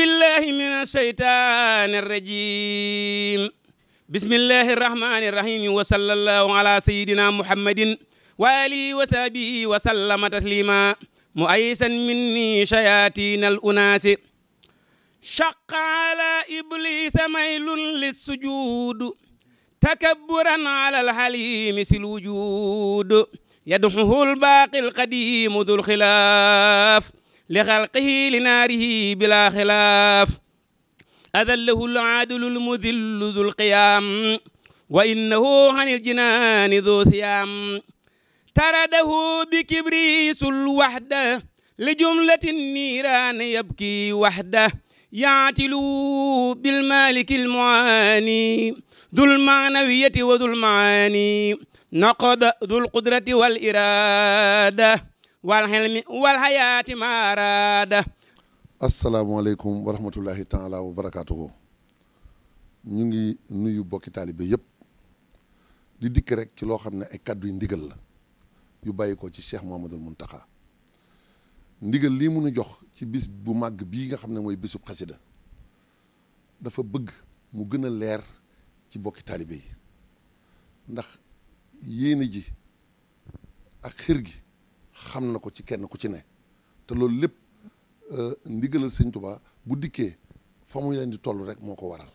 بالله من الشيطان الرجيم بسم الله الرحمن الرحيم وصلى الله على سيدنا محمد وآله وصحبه وسلم تسليما مؤيسا مني شياطين الأناس شق على إبليس ميل للسجود تكبرا على الحليم الوجود يدحه الباقي القديم ذو الخلاف li xalqihi li naarihi bila xilaaf adallahu laadilu lmudillu dul qiyaam wa innahu anil jinaani du siyaam taradahu bi kibrisul waxda li jumlatin niiraani yabki waxda yaatilu bil malikil muaani dul maanawiyati wa dul maani naqada dul qudrati wal iraada wal xelmi wal xayaati maaraada asalaamaaleykum wa rahmatullahi taala wa barakaatuhu ñu ngi nuyu bokki taalibe yëpp di dikk rek ci loo xam ne ay kàddu yu ndigal la yu bàyyi ko ci cheikh Mouhamadoul Mountakha ndigal lii munu jox ci bis bu màgg bii nga xam ne mooy bisub xasida dafa bëgg mu gën a leer ci bokki taalibe yi ndax yéene ji ak xir gi xam na ko ci kenn ku ci ne te loolu lépp euh, ndigalal sëñ Tuubaa bu dikkee fa mu leen di toll rek moo ko waral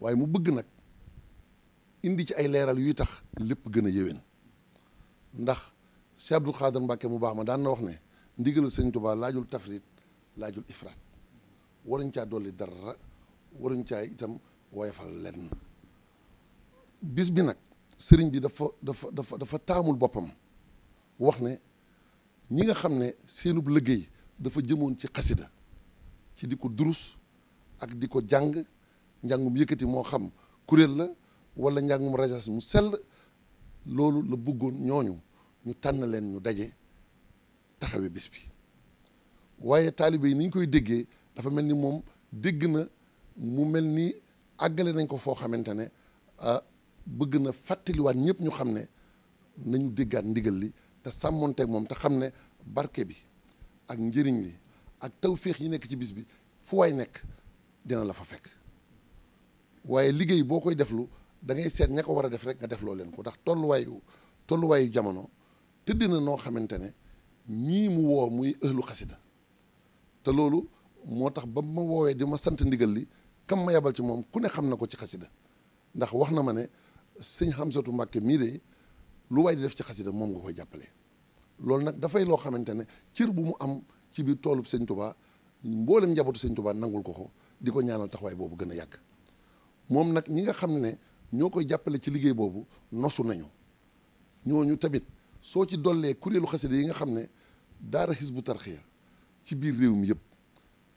waaye mu bëgg nag indi ci ay leeral yuy tax lépp gën a yéwén ndax Cheikh Abdou Khadre Mbacke mu baax ma daan na wax ne ndigalal sëñ Tuubaa laajul tafrit laajul ifraat waruñ caa dolli dara waruñ caa itam woyofal lenn bis bi nag sëriñ bi dafa dafa dafa dafa taamul boppam wax ne ñi nga xam ne seenub liggéey dafa jëmoon ci xasida ci di ko durus ak di ko jàng njàngum yëkkati moo xam kuréel la wala njàngum rajas mu sell loolu la bëggoon ñooñu ñu tànn leen ñu daje taxawe bis bi waaye taalibe yi ni ñu koy déggee dafa mel ni moom dégg na mu mel ni àggale nañ ko foo xamante ne ah, bëgg na fàttaliwaat ñëpp ñu xam ne nañu déggaat ndigal li te sàmmonteeg moom te xam ne barke bi ak njëriñ li ak tawféex yi nekk ci bis bi fu waay nekk dina la fa fekk waaye liggéey boo koy deflu da ngay seet ña ko war a def rek nga def leen ko ndax tolluwaayu tolluwaayu jamono tëdd na noo xamante ne ñii mu woo muy ëhlu xasida te loolu moo tax ba mu ma woowee di ma sant ndigal li kam ma yabal ci moom ku ne xam na ko ci xasida ndax wax na ma ne sëñ Xamsatu Mbàkke mii de lu waay di def ci xasida moom nga koy jàppale loolu nag dafay loo xamante ne cir bu mu am ci biir toolub sëñ tubaa mboolem njabootu sëñ tubaa nangul ko ko di ko ñaanal taxawaay boobu gën a yàgg moom nag ñi nga xam ne ñoo koy jàppale ci liggéey boobu nosu nañu ñooñu tamit soo ci dollee kuréelu xasida yi nga xam ne daara Hizbut Tarqiyyah ci biir réew yëpp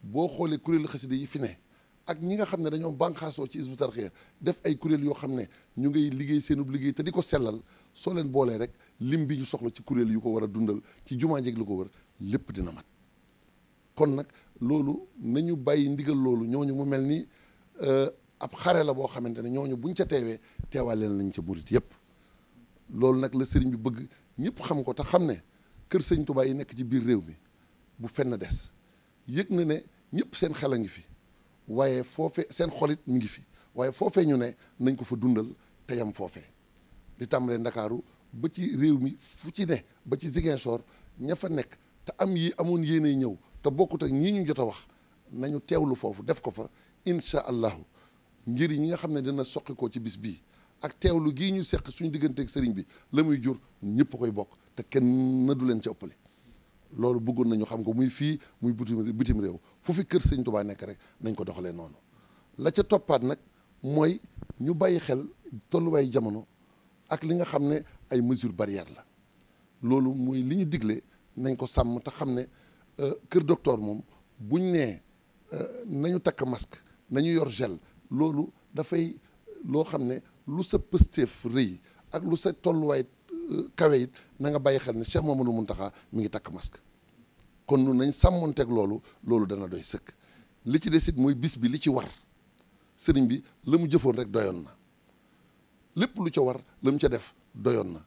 boo xoolee kuréelu xasida yi fi ne ak ñi nga xam ne dañoo bànqaasoo ci Hizbut Tarqiyyah def ay kuréel yoo xam ne ñu ngay liggéey seenub liggéey te di ko sellal soo leen boolee rek lim bi ñu soxla ci kuréel yu ko war a dundal ci jumaa jeeg lu ko war lépp dina mat kon nag loolu na ñu bàyyi ndigal loolu ñoo ñu mu mel ni euh, ab xare la boo xamante ne ñooñu buñ ca teewee teewaaleel nañ ca murit yépp loolu nag la sëriñ bi bëgg ñëpp xam ko te xam ne kër sëñ Tuubaa yi nekk ci biir réew mi bu fenn des yëg na ne ñëpp seen xel a ngi fi waaye foofe seen xolit mi ngi fi waaye foofee ñu ne nañ ko fa dundal te yam foofee di tàmbalee Ndakaaru ba ci réew mi fu ci ne ba ci Ziguinchor ña fa nekk te am yi amoon yéenay ñëw te bokkut ak ñii ñu jot a wax nañu teewlu foofu def ko fa incha allahu njëriñ yi nga xam ne dina soqi ci bis bii ak teewlu gii ñu seq suñu digganteek sëriñ bi la muy jur ñëpp koy bokk te kenn na du leen ci ëppale loolu bëggoon nañu xam ko muy fii muy bitim bitim réew fu fi kër sëñ Tuubaa nekk rek nañ ko doxalee noonu la ca toppaat nag mooy ñu bàyyi xel tolluwaay jamono ak li nga xam ne ay mesures barrières la loolu muy li ñu digle nañ ko sàmm te xam ne euh, kër docteur moom buñ nee euh, nañu takk masque nañu yor gel loolu dafay loo xam ne lu sa pësteef rëy ak lu sa tolluwaay euh, kawe it na nga bàyyi xel ne Cheikh Mamadou taxa mi ngi takk masque kon nun nañ sàmmonteeg loolu loolu dana doy sëkk li ci des it mooy bis bi li ci war sëriñ bi la mu jëfoon rek doyoon na lépp lu ca war la mu ca def doyoon na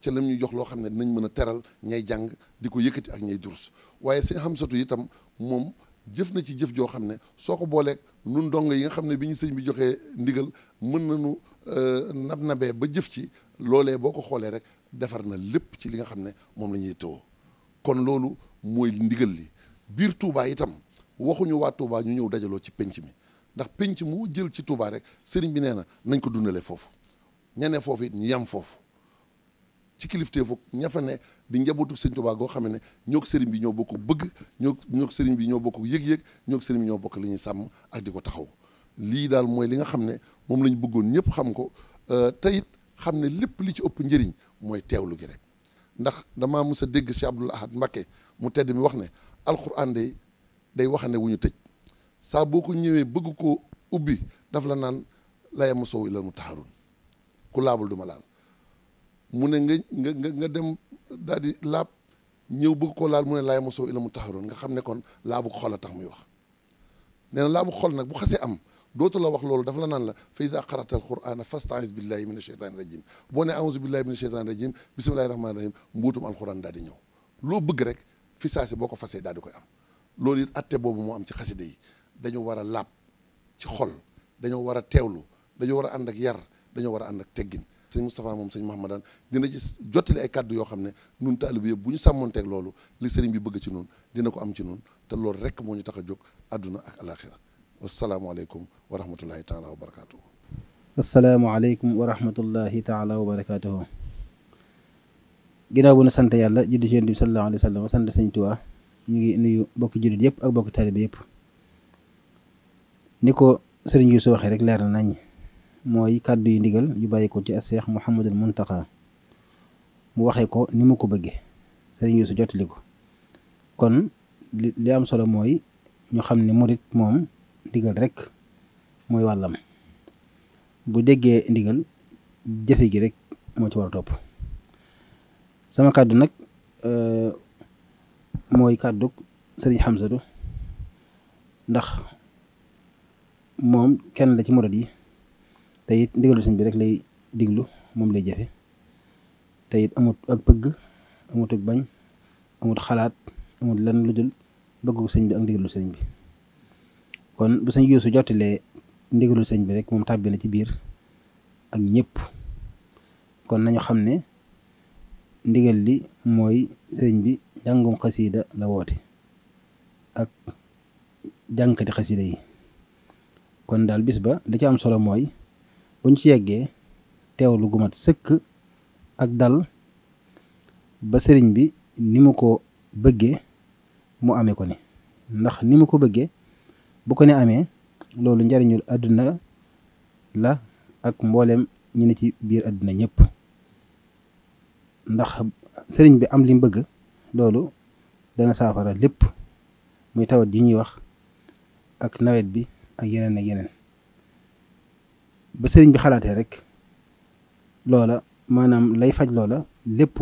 ca lam ñu jox loo xam ne dinañ mën a teral ñay jàng di ko yëkkati ak ñay durus waaye sëñ Hamsatu itam moom jëf na ci jëf joo xam ne soo ko booleek nun dong yi nga xam ne bi ñu sëñ bi joxee ndigal mën nañu euh, nab nabee ba jëf ci loolee boo ko xoolee rek defar na lépp ci li nga xam ne moom la ñuy tëwoo kon loolu mooy ndigal li biir Touba itam waxuñu waa Touba ñu ñëw dajaloo ci penc mi ndax penc mu jël ci Touba rek sëriñ bi nee na nañ ko dundalee foofu ña foofu it ñu yam foofu ci kilifteefu ña fa ne di njabootu sëñ Tuubaa goo xam ne ñoo ko sëriñ bi ñoo bokk bëgg ñoo sëriñ bi ñoo bokk yëg-yëg ñoo sëriñ bi ñoo bokk li sàmm ak ko taxaw lii daal mooy li nga xam ne moom la bëggoon ñëpp xam ko euh, te xam ne lépp li ci ëpp njëriñ mooy teewlu gi rek ndax damaa mës a dégg Cheikh Abdoul Ahad Mbacké mu tedd mi wax ne alxuraan day day waxane wu ñu tëj saa boo ko ñëwee bëgg ko ubbi daf la naan la yamassahu mu mutahharuun ku laabul du ma laal mu ne nga nga nga nga dem daal di laab ñëw bëgg ko laal mu ne laay mosoo ila mu taxaroon nga xam ne kon laabu xol a tax muy wax nee na laabu xol nag bu xasee am dootu la wax loolu dafa la naan la fa iza qara'ta al-qur'ana fasta'iz billahi min ash-shaytani boo ne a'udhu billahi min ash-shaytani rajim bismillahi rahmani rahim mbuutum alquran daal ñëw loo bëgg rek fi saasi boo ko fasee daal di koy am loolu it atte boobu moo am ci xaside yi dañoo war a laab ci xol dañoo war a teewlu dañoo war a ànd ak yar dañoo war a ànd ak teggin sëñ Moustapha moom sëñ Mahamadan dina jot jottali ay kàddu yoo xam ne nun taalibe yëpp bu ñu teg loolu li sëriñ bi bëgg ci noonu dina ko am ci noonu te loolu rek moo ñu tax a jóg àdduna ak alaxira wasalaamualeykum wa rahmatullahi taala wa barakatuhu asalaamualeykum wa rahmatullahi taala wa barakatuhu ginnaaw bu nu sant yàlla julli ci yonent bi sallallahu alayhi wa sallam sant sëñ Tuubaa ñu ngi nuyu bokki jullit yëpp ak bokki taalibe yëpp ni ko sëriñ yu waxee rek leer na nañ mooy kàddu yi ndigal yu bàyyi ko ci Cheikh Mouhamadul Mountakha mu waxee ko ni mu ko bëggee sëriñ su jottali ko kon li am solo mooy ñu xam ne murit moom ndigal rek mooy wàllam bu déggee ndigal jëfe gi rek moo ci war a topp sama kàddu nag euh, mooy kàddug sëriñ Xamsatu ndax moom kenn la ci murit yi te it ndigalu sëñ bi rek lay diglu moom lay jëfe te it amut ak bëgg amut ak bañ amut xalaat amut lan lu dul bëggu sëñ bi ak ndigalu sëñ bi kon bu sëñ Yuusu jottilee ndigalu sëñ bi rek moom tàbbi na ci biir ak ñépp kon nañu xam ne ndigal li mooy sëñ bi jàngum xasiida la woote ak jànkati xasiida yi kon daal bis ba da ci am solo mooy buñ ci yeggee teewlu gu mat sëkk ak dal ba sëriñ bi ni mu ko bëggee mu amee ko ne ndax ni mu ko bëggee bu ko ne amee loolu njariñul àdduna la ak mbooleem ñi ne ci biir àdduna ñëpp ndax sëriñ bi am lim bëgg loolu dana saafara lépp muy tawat yi ñuy wax ak nawet bi ak yeneen ak yeneen ba sëriñ bi xalaatee rek loola maanaam lay faj loola lépp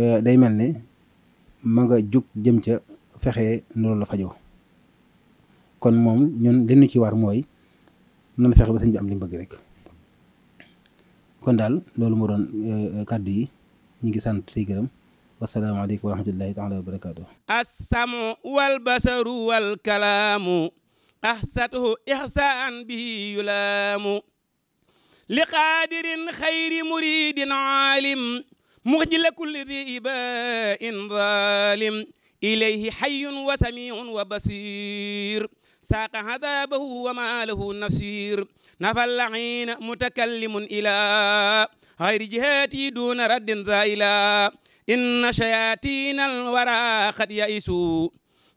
e, day mel ne ma nga jug jëm ca fexe loolu la fajoo kon moom ñun li ñu ci war mooy nan fexe ba sëñ bi am li mu rek kon daal loolu moo doon e, e, kàddu yi ñu ngi sant tey gërëm wasalaamaaleykum wa rahmatullahi taala wa assamu wal basaru ahsatuhu ihsaan bihi yulaamu li qaadirin xayri muridin aalim muxji la kulli di ibaain zalim ilayhi hayyun wa samiun wa basir saaqa hadabahu wa ma lahu nafsir nafa laxiina mutakallimun ila xayri jihaati duuna raddin zaila inna shayatina alwara qad yaisu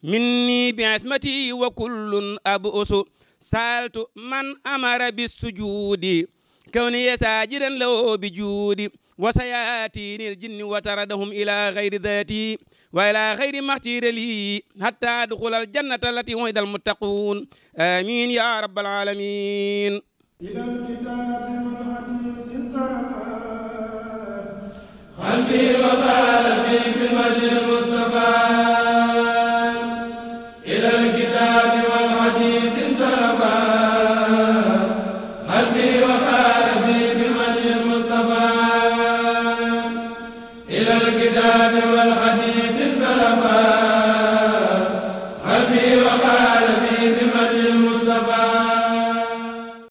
minni bi ismati wa kullun abusu saaltu man amara bis sujudi كوني ساجدا له بجودي وسياتيني الجن وتردهم الى غير ذاتي والى غير ما اختير لي حتى ادخل الجنه التي وعد المتقون امين يا رب العالمين الى الكتاب والحديث سرفا قلبي وقال في بالمجد